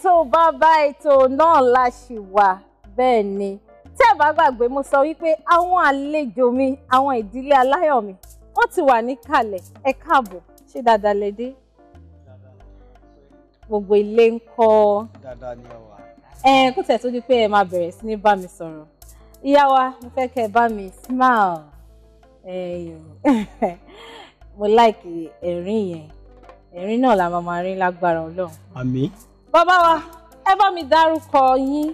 ètò bàbá ètò náà la ṣì wà bẹ́ẹ̀ ni tẹ́ ẹ̀ bá gbàgbé mo sọ wípé àwọn àlejò mi àwọn ìdílé aláyọ̀ mi wọ́n ti wà níkàlẹ̀ ẹ káàbọ̀ ṣé dáadáa lẹ dé gbogbo ilé ń kọ́ dáadáa ni ọ̀wà ẹ kó tẹ̀ tó di pé ẹ máa bẹ̀rẹ̀ sí ní bá mi sọ̀rọ̀ ìyá wa mo fẹ́ kẹ́ ẹ bá mi smile mo láìkì ẹ̀rín yẹn ẹ̀rín náà la máa máa rí lágbára ọlọ́run bàbá wa ẹ bá mi dárúkọ yín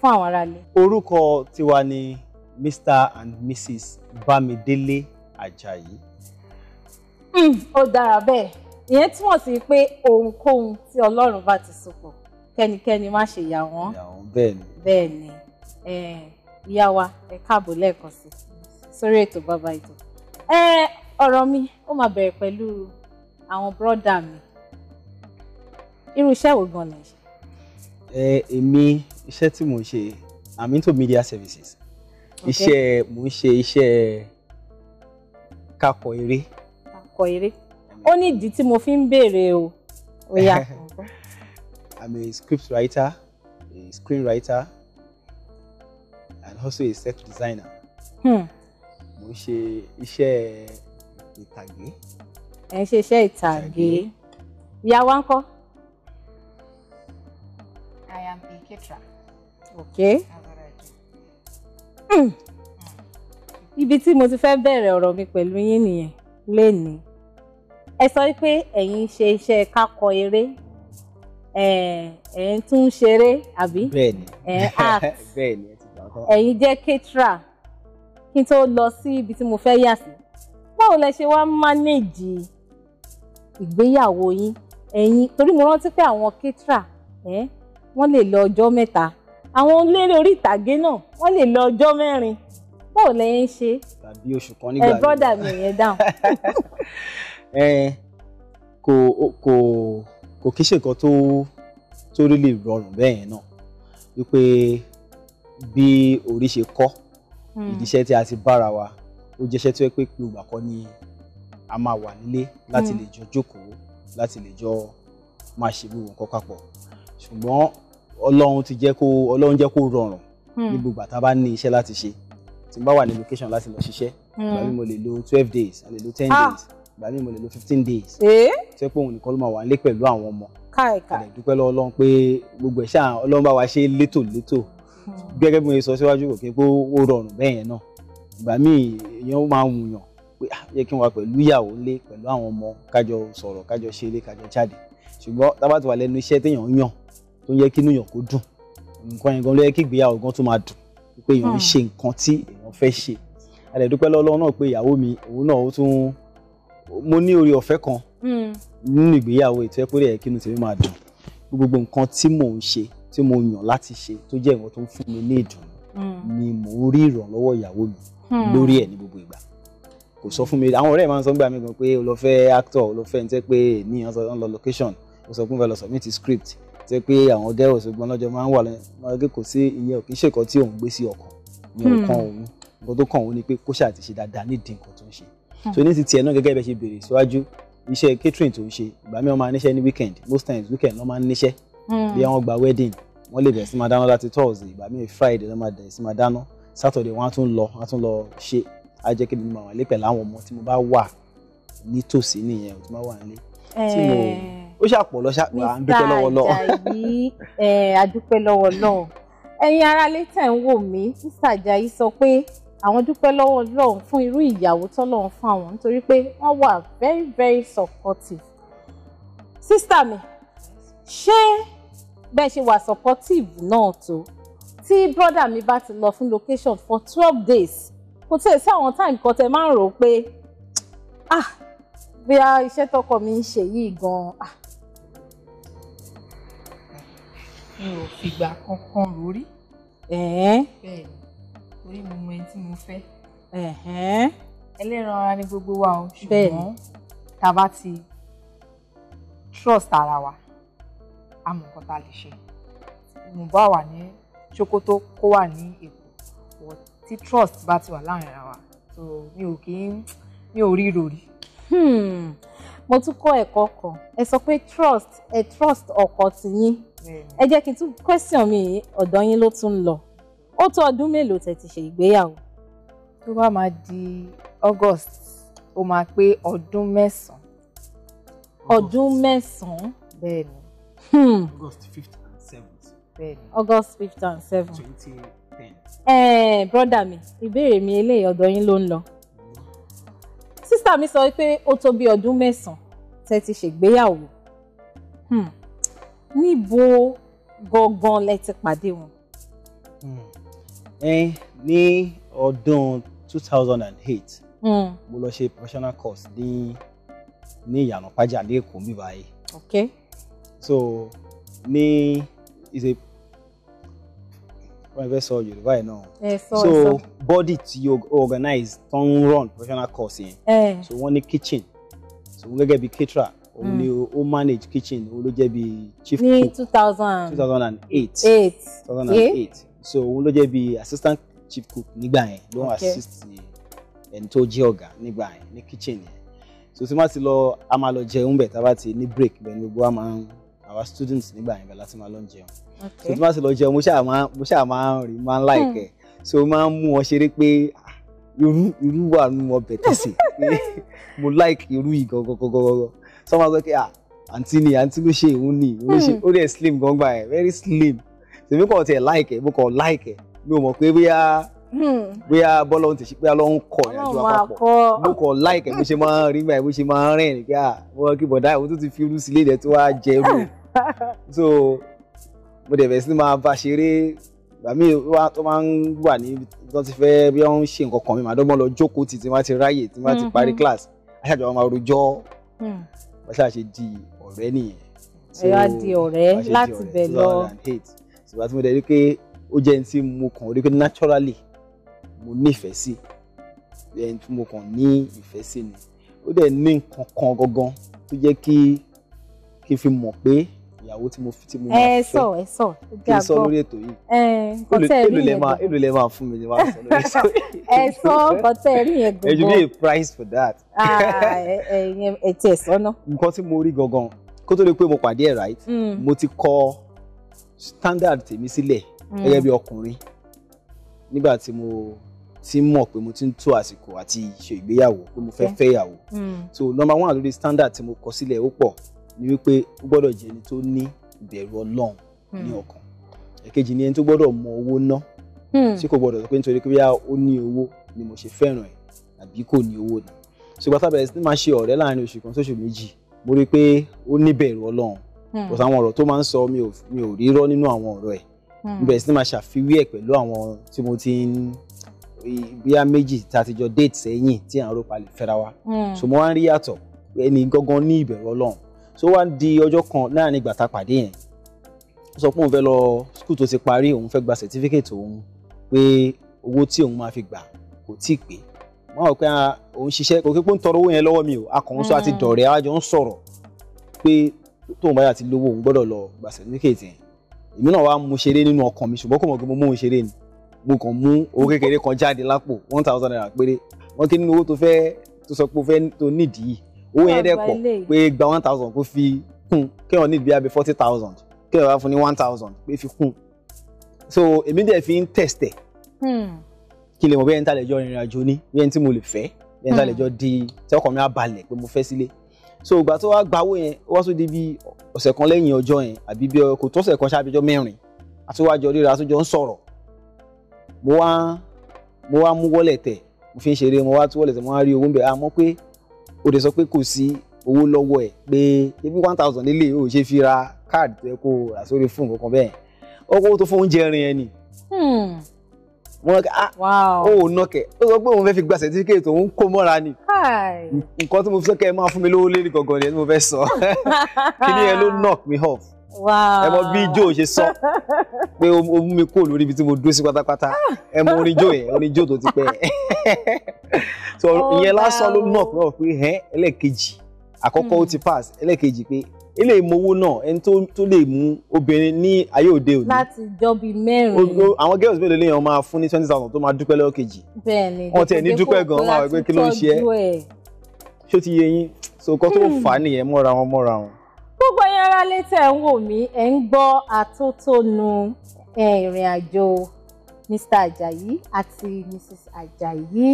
fún àwọn aráalé. orúkọ tiwa ni mr and mrs bámidélé ajayi. Hmm, ó dára bẹ́ẹ̀ ìyẹn túmọ̀ sí pé ohunkóhun tí ọlọ́run bá ti so pọ̀ kẹ́nikẹ́ni má ṣe yà wọ́n. bẹ́ẹ̀ ni. bẹ́ẹ̀ ni ìyá wa ẹ káàbọ̀ lẹ́ẹ̀kan sí sórí ètò bàbá ètò ọ̀rọ̀ mi ó máa bẹ̀rẹ̀ pẹ̀lú àwọn bọ́dà mi irú iṣẹ́ wo gan la ṣe. ẹ èmi iṣẹ́ tí mò ń ṣe i'm into media services iṣẹ́ mò ń ṣe iṣẹ́ kakọ eré. kakọ eré ó ní ìdí tí mo fi ń béèrè o ó yà. i'm a script writer a screenwriter and also a set designer. Hmm mo ṣe iṣẹ́ ìtàgé. ẹ ṣe iṣẹ́ ìtàgé ìyá wa ń kọ́. Ketra. Okay. Hmm. Ibi tí mo ti fẹ́ bẹ̀rẹ̀ ọ̀rọ̀ mi pẹ̀lú yín nìyẹn lénìí. Ẹ sọ pé ẹ̀yin ṣe iṣẹ́ kákọ eré ẹ̀ ń tún ṣeré àbí? Bẹ́ẹ̀ni. Ẹ̀ ń act. Bẹ́ẹ̀ni ẹ ti gbà kọ́. Ẹ̀yin jẹ́ Ketra kí n tó lọ sí ibi tí mo fẹ́ yà sí. Báwo lẹ ṣe wá mánéèjì ìgbéyàwó yín? Ẹ̀yin torí mo rántí pé àwọn Ketra ẹ̀ eh? wọ́n lè lọ ọjọ́ mẹ́ta àwọn eléré orí ìtàgé náà wọ́n lè lọ ọjọ́ mẹ́rin báwo lẹ́yìn ṣe tàbí oṣù kan nígbà yẹn ẹ bọ́dà mi yẹn dáhùn. ẹ kò kò kò kí ṣe nǹkan tó tó rí lè rọrùn bẹ́ẹ̀ yẹn náà wípé bí orí ṣe kọ́ hmm. ìdíṣẹ́ tí a ti bára wa ó jẹ́ṣẹ́ tí ó pé pé ògbà kan ni a máa wà nílé láti hmm. lè jọ jókòó láti lè jọ máa ṣe gbogbo nǹkan papọ̀ ṣùgbọ́n ọlọ́run ti jẹ́ kó ọlọ́run jẹ́ kó rọrùn hmm. ní gbogbo àtà bá ní iṣẹ́ láti ṣe tí n bá wà ní location láti lọ ṣiṣẹ́ ìgbà mi hmm. mo lè lo twelve days a lè lo ten ah. days ìgbà mi mo lè lo fifteen days eh? tí ó pé òun nìkan ló máa wà nílé pẹ̀lú àwọn ọmọ kàlẹ̀ dúpẹ́ lọ́wọ́ ọlọ́run pé gbogbo ẹ̀ṣẹ́ ọlọ́run bá wa ṣe létò létò hmm. gẹ́gẹ́ bí mo sọ síwájú kò kí pé ó rọrùn bẹ́ẹ̀ yẹn náà ìgbà míì èèyàn máa ń wùyàn pé ah, yẹ kí n wà pẹ̀lú ìyàwó lé pẹ̀lú àwọn ọmọ kájọ sọ̀rọ̀ kájọ ṣeré kájọ jáde ṣùgbọ́n tábàtì wà lẹ́nu iṣẹ́ téèyàn yàn tó ń yẹ kí inú yàn kó dùn nǹkan yẹn gan ló yẹ kí ìgbéyàwó gan tó máa dùn pé èèyàn ń hmm. ṣe nǹkan tí èèyàn fẹ́ ṣe alẹ́ dúpẹ́ lọ́wọ́ náà pé ìyàwó mi òun náà ó tún mo ní orí ọ̀fẹ́ kan hmm. nínú ìgbéyàwó ètò ẹ̀kọ́ rẹ̀ kí inú tèmi máa dùn gbogbo nǹkan tí mò ń ṣe tí mo yàn láti ṣe tó jẹ́ nǹkan tó ń fún mi ní ìdùnnú hmm. ni mò ń rí ìrànlọ́wọ́ ìyàwó mi lórí ẹ̀ ní gbogbo ìgbà kò sọ fún mi àwọn ọ̀rẹ́ máa ń sọ nígbà mi gan pé o actor o lọ fẹ́ ní tẹ́ pé ní ọ̀n lọ location o sọ fún mi lọ submit script tó pé àwọn girls gbọ́n lọ́jọ́ máa ń wà lẹ́yìn máa kò sí ìyẹn òkè ṣèkọ́ tí òun gbé sí ọkàn ìyẹn òkan hmm. òun nǹkan tó kàn òun ni pé kó ṣáà ti ṣe dáadáa nídìí nǹkan tó ń ṣe hmm. so ní ti tiẹ̀ náà gẹ́gẹ́ bẹ́ẹ̀ ṣe béèrè síwájú iṣẹ́ catering tó ń ṣe ìgbà mìíràn máa níṣẹ́ ní weekend most times weekend ló máa ń níṣẹ́ hmm. bí wọ́n gba wedding wọ́n lè bẹ̀rẹ̀ sí máa dáná láti thursday ìgbà mìíràn friday ló máa bẹ̀rẹ̀ sí máa dáná saturday wọ́n á tún lọ á tún lọ ṣe á jẹ́ kí ni mo máa wà lé ó ṣàpọ̀ lọ́ṣà à ń dúpẹ́ lọ́wọ́ lọ́wọ́. mr Ajayi adúpẹ́ lọ́wọ́ lọ́wọ́ ẹ̀yin aráalé tẹ̀ ń wò mí mr Ajayi sọ pé àwọn dúpẹ́ lọ́wọ́ lọ́wọ́ fún irú ìyàwó tọ́lọ́run fún àwọn nítorí pé wọ́n wà very very supportive. sísítà mi ṣé bẹ́ẹ̀ ṣe wà supportive náà tó tí brọ́dà mi bá ti lọ fún location for twelve days kò tẹ̀ sí àwọn time kan tẹ máa ń rò ó pé ah bóyá iṣẹ́ tọkọ mi ń ṣe yìí gan-an ah mi ò fìgbà kankan rò rí. bẹ́ẹ̀ orí mi mọ ẹni tí mo fẹ́. ẹlẹ́ran ara ni gbogbo wa o ṣùgbọ́n tá bá ti trust ara wa a mọ nǹkan tá a lè ṣe mo bá wà ní ṣòkòtò kó wà ní èkó tí trust bá ti wà láàrin ara wa so mi ò kí mi ò rí rò rí. Hmm mo tún kọ́ ẹ̀kọ́ kan ẹ sọ pé trust ẹ trust ọkọ tiyín hmm. ẹ jẹ́ kí n tún question mi ọ̀dọ̀ yín ló tún lọ ó tó ọdún mélòó tẹ́ ti ṣe ìgbéyàwó. tó bá máa di August ó máa pé ọdún mẹ́sàn-án. ọdún mẹ́sàn-án. bẹ́ẹ̀ni. Hmm. August fifth and seventh. bẹ́ẹ̀ni. August fifth and seventh. twenty ten. ẹ̀ẹ́n eh, brother mi ìbéèrè mi eléyìí ọ̀dọ̀ yín ló ń lọ sísá mi sọ pé ó tó bí ọdún mẹ́sàn-án tẹ́ ti ṣègbéyàwó hmm. níbo gangan lẹ ti pàdé wọn. Hmm. ní ọdún two thousand hmm. mo lọ ṣe professional course ní ní ìyànà pàjá ní èkó mi báyìí. okay. so ní is a wọ́n fẹ́ sọ yìí náà so body tí organize tó run professional course yẹn so wọ́n ní kitchen so wọ́n gẹ́gẹ́ bí caterer òun ni hmm. ó manage kitchen òun ló jẹ́ bí chief cook ní two thousand eight two thousand eight so òun ló jẹ́ bí assistant chief cook nígbà yẹn ló ń assist ẹni tó jẹ́ ọ̀gá nígbà yẹn ní kitchen yẹn so tí wọ́n ti lọ a máa lọ jẹun bẹ̀ tá a bá ti ní break bẹ́ẹ̀ ni gbogbo a máa ń àwa students nígbà yẹn bẹ láti máa lọ jẹun so tí máa sì lọ jẹun mo ṣáà máa mo ṣáà máa ń rí máa ń láìpẹ́ hmm. so máa ń mú wọn ṣeré pé ah, irú irú wà nù ọbẹ̀ tẹsí mo like irú yìí gọgọgọgọgọ so máa sọ pé ah àǹtí ni àǹtí ló ṣe òun ni òun ṣe hmm. ó dẹ̀ slim gan gbà very slim tèmi kàn tiẹ̀ like ẹ̀ mo kàn like ẹ̀ mi ò mọ̀ pé bóyá hmm. bóyá bọ́lá ohun ti ṣe pé ọlọ́run kọ ìrìnàjò àpapọ̀ mo kọ láìkẹ́ bó ṣe máa ń rí báyìí bó ṣe máa ń rìn ní pé àwọn ah, kí bọ̀dá ìwọ́n tó ti fi irú sílé rẹ̀ tó wá jẹ́ rú so mo dẹ̀ bẹ̀rẹ̀ sí máa bá ṣeré àmì wa tó máa ń wà ní tó ti fẹ́ bí wọ́n ń ṣe nǹkan kan mi màá dọ́gbọ́n lọ jókòó tì tí wọ́n ti ráyè tí wọ́n ti mm-hmm. parí class aṣáájú àwọn máa rojọ́ wọ́n hmm. ṣáà ṣe di ọ̀rẹ́ nìyẹn. ẹ̀yọ́ á di ọ̀rẹ́ láti bẹ̀ lọ. ṣùgbọ́n tí mo dẹ̀ rí pé ó jẹ́ ní tí mo kàn rí pé naturally mo nífẹ̀ẹ́ sí ẹni tí mo kàn ní ìfẹ́ sí ni ó dẹ̀ ní nǹkan kan gangan tó jẹ́ kí kí n fi mọ̀ pé ìyàwó tí mo fi tí mo máa fẹ́ ẹ sọ ẹ sọ kí n sọ lórí ètò yìí èlò lè máa èlò lè máa fún mi lè máa sọ lórí ètò yìí ẹ sọ nǹkan tẹ yẹn gbogbo ẹ jù bí a price for that. Ah, ẹ ti ẹ sọ náà. nǹkan tí mo rí gangan kó tó lè pé mo pàdé ẹ right hmm. mo ti kọ standard tèmi sílẹ̀ hmm. gẹ́gẹ́ bí ọkùnrin nígbà tí mo ti mọ̀ pé mo ti ń tó àsìkò àti ṣe ìgbéyàwó pé mo fẹ́ fẹ́ yàwó hmm. so number one lórí standard tí mo kọ sílẹ̀ ó pọ̀ ni wípé ó gbọ́dọ̀ jẹ́ ẹni tó ní ìbẹ̀rù ọlọ́run ní hmm. ọkàn ẹ̀kejì ni ẹni tó gbọ́dọ̀ mọ owó ná tí hmm. kò gbọ́dọ̀ sọ pé nítorí pé ó ní owó ni mo ṣe fẹ́ràn ẹ̀ àbí kò ní owó ni ṣùgbọ́n tá a bẹ̀rẹ̀ sí máa ṣe ọ̀rẹ́ láàrin oṣù kan sóṣù méjì mo rí i pé ó níbẹ̀rù ọlọ́run kò hmm. sáwọn ọ̀rọ̀ tó máa ń sọ mi ò rí rọ́ nínú àwọn ọ̀rọ̀ ẹ̀ mo bẹ̀rẹ̀ sí máa ṣàfiwé ẹ̀ pẹ̀lú àwọn tí mo ti ń bíyà méjì tá a ti jọ déètì sẹ́yìn tí à ń rò fẹ́ra wa so mo wá ń rí yàtọ̀ ẹni gangan ní ìbẹ̀rù ọlọ́run so wá di ọjọ́ kan láàrin ìgbà tá a pàdé yẹn ó sọ pé òun fẹ́ lọ skul tó ti parí òun fẹ́ gba certificate òun pé owó tí òun máa fi gbà kò tí ì pé wọn rò pé ah, òun ṣiṣẹ́ kò kí pé ń tọrọ owó yẹn lọ́wọ́ mi o akọ̀hún sọ àti mm. dọ̀rẹ́ àjọ ń sọ̀rọ̀ pé tóun báyà ti lówó òun gbọ́dọ̀ lọ gba certificate yẹn èmi náà wá mú ṣeré nínú ọkàn mi ṣùgbọ́n kò mọ̀ pé mo mú òun ṣeré ni mo kàn mú owó kékeré kan jáde lápò one thousand naira péré wọn kí nínú owó tó fẹ́ tó sọ pé o fẹ́ tó nídìí owó yẹn dẹ̀ pọ̀ pé gba one thousand kó fi kún kéèyàn ní bíi forty thousand kéèyàn wá fún ní one thousand pé fi kún so èmi dẹ̀ fi ń tẹ̀sítẹ̀ hmm. kí lè mọ̀ bí ẹni tá lè jọ ìrìn àjò ní bí ẹni tí mo lè fẹ́ bí ẹni tá lè hmm. jọ di tí ọkàn mi á balẹ̀ pé mo fẹ́ sílé so ìgbà tó wá gba owó yẹn wá tó di bí ọ̀sẹ̀ kan lẹ́yìn ọjọ́ yẹn àbí bí kò tó ọ̀sẹ̀ kan ṣáàbíjọ́ mẹ́rin àtúwájọ ríra àtújọ ń sọ̀rọ̀ mo wá mo wá mú wọ́lẹ̀ tẹ̀ mo fi ń ṣeré mo wá tú wọ́lẹ̀ tẹ̀ mo wá rí owó ń bẹ̀ àmọ́ pé o dẹ̀ sọ pé kò sí owó lọ́wọ́ ẹ̀ pé ebi one thousand lélẹ̀ o ṣe fi ra káàdì tó yẹ kó rà sórí fún nǹkan bẹ́ẹ̀ ọkọ̀ tó fún oúnjẹ rin ẹ̀ ni hmm. wọn ká ah, ó ò nọkẹ ó sọ pé òun fẹ́ fi gba certificate òun kó mọ́ra ni nǹkan tí mo fi sọ́kẹ́ máa fún mi lówó lérí gangan ni ẹni mo fẹ́ sọ kí ni ẹ ló knock me off ẹ mọ bí joe ṣe sọ pé o mú mi kó lórí ibi tí mo dúró sí pátápátá ẹ mọ orin joe yẹn orin joe tó ti pẹ́ so oh, ìyẹn lásán ló nọ pé ọ̀pẹ ẹ̀ ẹlẹ́ẹ̀kejì àkọ́kọ́ ó hmm. ti pass ẹlẹ́ẹ̀kejì pé ilé ìmọ̀wó náà ẹni tó lè mú obìnrin ní ayé òde òní. láti jọ bí mẹ́rin. àwọn girls mélòó lèèyàn máa fún ní twenty thousand tó máa dúpẹ́ lọ́wọ́ kejì. bẹ́ẹ̀ni wọn tiẹ̀ ní dúpẹ́ gan-an máa wẹ̀ pé kí ló ń ṣe é ṣó ti yẹ yín so kó tó hmm. fà á nìyẹn mọ́ra wọn mọ́ra wọn alárálé tẹ̀ ń wò mí ẹ̀ ń gbọ́ àtótónu ìrìn àjò Mr. Ajayi àti Mrs. Ajayi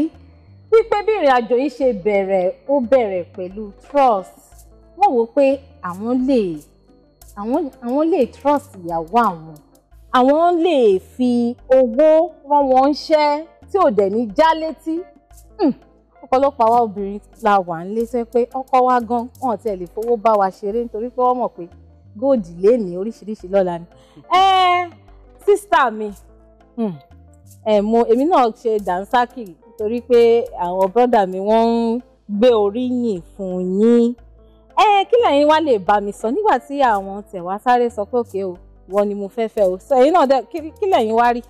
wípé bí ìrìn àjò yìí ṣe bẹ̀rẹ̀ ó bẹ̀rẹ̀ pẹ̀lú trust wọ́n wò pé àwọn lè àwọn àwọn lè trust ìyàwó àwọn àwọn lè fi owó rán wọn ṣẹ́ tí ò dẹ̀ ní já létí. Hmm ọ̀pọ̀lọpọ̀ àwa obìnrin la wà ń lé sẹ́ pé ọkọ wa gan wọn tiẹ̀ lè fowó bá wa ṣeré nítorí pé wọ́n mọ̀ pé góòdì lé oríṣiríṣi lọ́la ni. ẹ sísítà mi hmm, ẹ mo èmi náà ṣe dànsákì torí pé àwọn bọ́dà mi wọ́n ń gbé oríyìn fún yín ẹ kí lẹ́yìn wá lè bá mi sọ nígbà tí àwọn tẹ̀wá sáré sọ pé òkè o wọ́n ni mo fẹ́ fẹ́ o sọ èyí náà dẹ kí lẹ́yìn wá rí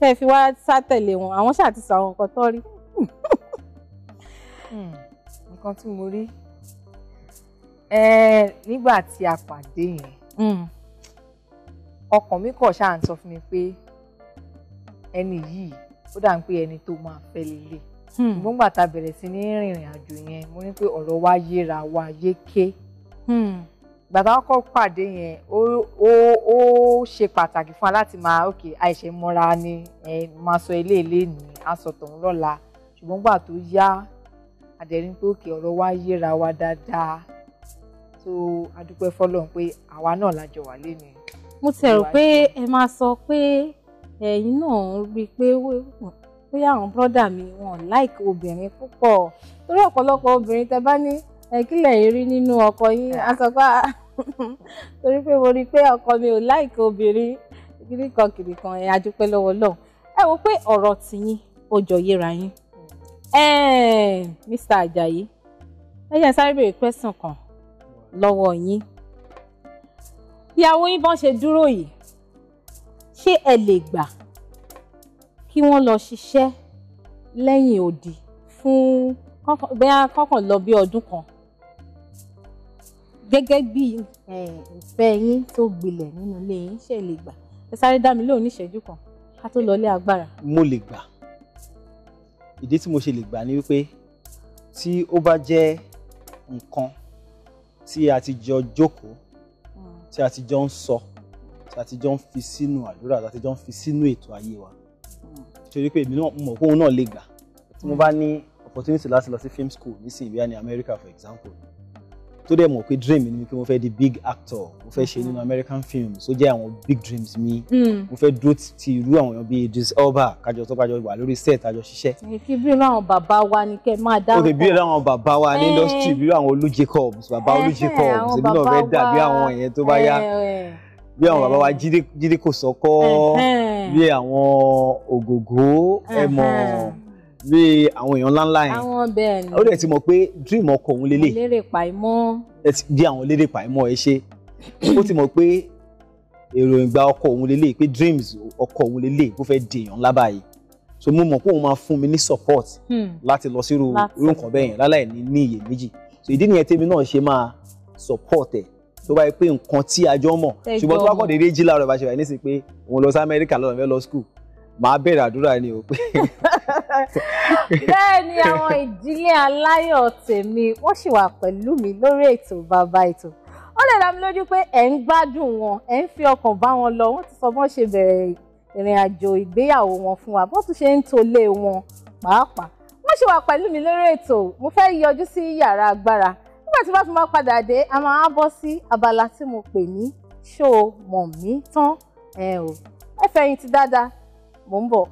tẹ́ fi wá sátẹ̀lé wọn àwọn ṣáà ti sọ àwọn nǹkan tó rí. Hmm. nǹkan tí mo rí nígbà tí a pàdé yẹn hmm. ọkàn mi kọ̀ ṣáà ń sọ fún mi pé ẹni yìí ó dà ń pé ẹni tó máa fẹ́ lélẹ̀ hmm. ṣùgbọ́n gbà tá a bẹ̀rẹ̀ sí ní rìnrìn àjò yẹn mo ní pé ọ̀rọ̀ wa yéra wa yéké gbàtà ọkọ pàdé yẹn ó ó ó ṣe pàtàkì fún wa láti máa ok àìṣe mọ́ra ni ẹ máa sọ ilé ilé ní asọ̀tàn lọ́la ṣùgbọ́n gbà tó yá àdẹ̀rín pé òkè ọ̀rọ̀ wa yéra wa dáadáa tó adúpẹ́ fọlọ́run pé àwa náà lájọ wà lé ni. mo ti rò pé ẹ máa sọ pé ẹ̀yin náà ń rí i pé bóyá àwọn bọ́dà mi wọn láìkí obìnrin púpọ̀ torí ọ̀pọ̀lọpọ̀ obìnrin tẹ bá ní kí lẹ̀yin rí nínú ọkọ yín á ah, torí pé mo rí i pé ọkọ mi ò láìkí obìnrin kìrìkan kìrìkan ẹ̀ adúpẹ́ lọ́wọ́ lọ́wọ́ ẹ wo pé ọ̀rọ̀ tìyín ó jọ yéra yín. Mr. Ajayi ẹ jẹ́ sáré béèrè question kan lọ́wọ́ yín ìyàwó yín bọ́n ṣe dúró yìí ṣé ẹ lè gbà kí wọ́n lọ ṣiṣẹ́ lẹ́yìn odi fún bẹ́ẹ̀ kọ́kàn lọ bí ọdún kan gẹ́gẹ́ bí ìfẹ́ yín tó gbilẹ̀ nínú ilé yín ṣé ẹ lè gbà ẹ sáré dá mi lóhùn ní ìṣẹ́jú kan ká tó lọ lé agbára. mo lè gbà ìdí tí mo ṣe lè gbà ni wípé tí ó bá jẹ́ nǹkan tí a ti jọ jókòó hmm. tí a ti jọ ń sọ tí a ti jọ ń fi sínú àdúrà tí a ti jọ ń fi sínú ètò ayé wa hmm. torí pé èmi náà mọ̀ pé òun náà lè gbà tí mo bá hmm. ní opportunity láti lọ sí film school nísìnyí bí i ní America for example tó dẹ̀ mọ̀ pé dream mi ni pé mo fẹ́ di big actor mo fẹ́ ṣe nínú American film so jẹ́ àwọn big dreams mi hmm. mo fẹ́ dúró ti irú àwọn èèyàn bíi Idris Elba kájọ tó kájọ wà lórí set àjọ ṣiṣẹ́. èyí bí irú àwọn bàbá wa ni kẹ́ máa dá. ok bí irú àwọn bàbá wa ní eh. industry bí irú àwọn Olú Jacobs bàbá Olú eh, eh, Jacobs èmi náà fẹ́ dàbí àwọn yẹn tó bá yá bí àwọn bàbá wa Jídé Kòsọ́kọ́ bí àwọn Ògògó ẹ̀mọ́ bí àwọn èèyàn ńláńlá yẹn àwọn bẹ́ẹ̀ ni ó dẹ̀ ti mọ̀ pé dream ọkọ òun lélẹ̀ lérè pàìmọ́ bí àwọn lérè pàìmọ́ ẹ ṣe ó ti mọ̀ pé èròǹgbà ọkọ òun lélẹ̀ pé dreams ọkọ òun lélẹ̀ kó fẹ́ di èèyàn ńlá báyìí so mo mọ̀ pé òun máa fún mi ní support hmm. láti lọ sí irú nǹkan bẹ́ẹ̀ yẹn láláì ní ní iyèméjì so ìdí nìyẹn tèmi náà ṣe máa support ẹ̀ tó bá yẹ pé nǹkan tí a jọ mọ̀ ṣùgbọ́n tó bá kọ̀ déédéé jí láàárọ̀ ìbáṣepọ̀ ẹ̀ ní sí pé òun lọ sí Amẹ́ríkà lọ́nà fẹ́ lọ school bẹ̀rẹ̀ àdúrà ni o pé bẹ́ẹ̀ ni àwọn ìdílé aláyọ̀ tèmi wọ́n sì wà pẹ̀lú mi lórí ètò bàbá ètò ó lè dá mi lójú pé ẹ̀ ń gbádùn wọn ẹ̀ ń fi ọkàn bá wọn lọ wọ́n ti sọ bọ́n ṣe bẹ̀rẹ̀ ìrìn àjò ìgbéyàwó wọn fún wa bọ́n tún ṣe ń tolé wọn pàápàá wọ́n sì wà pẹ̀lú mi lórí ètò mo fẹ́ yọjú sí yàrá agbára nígbà tí bá fi máa padà dé a máa bọ́ sí abala tí mo pè ní ṣó mọ̀ mí tán ẹ ò ẹ fẹ̀yìntì dáadáa mò ń bọ̀.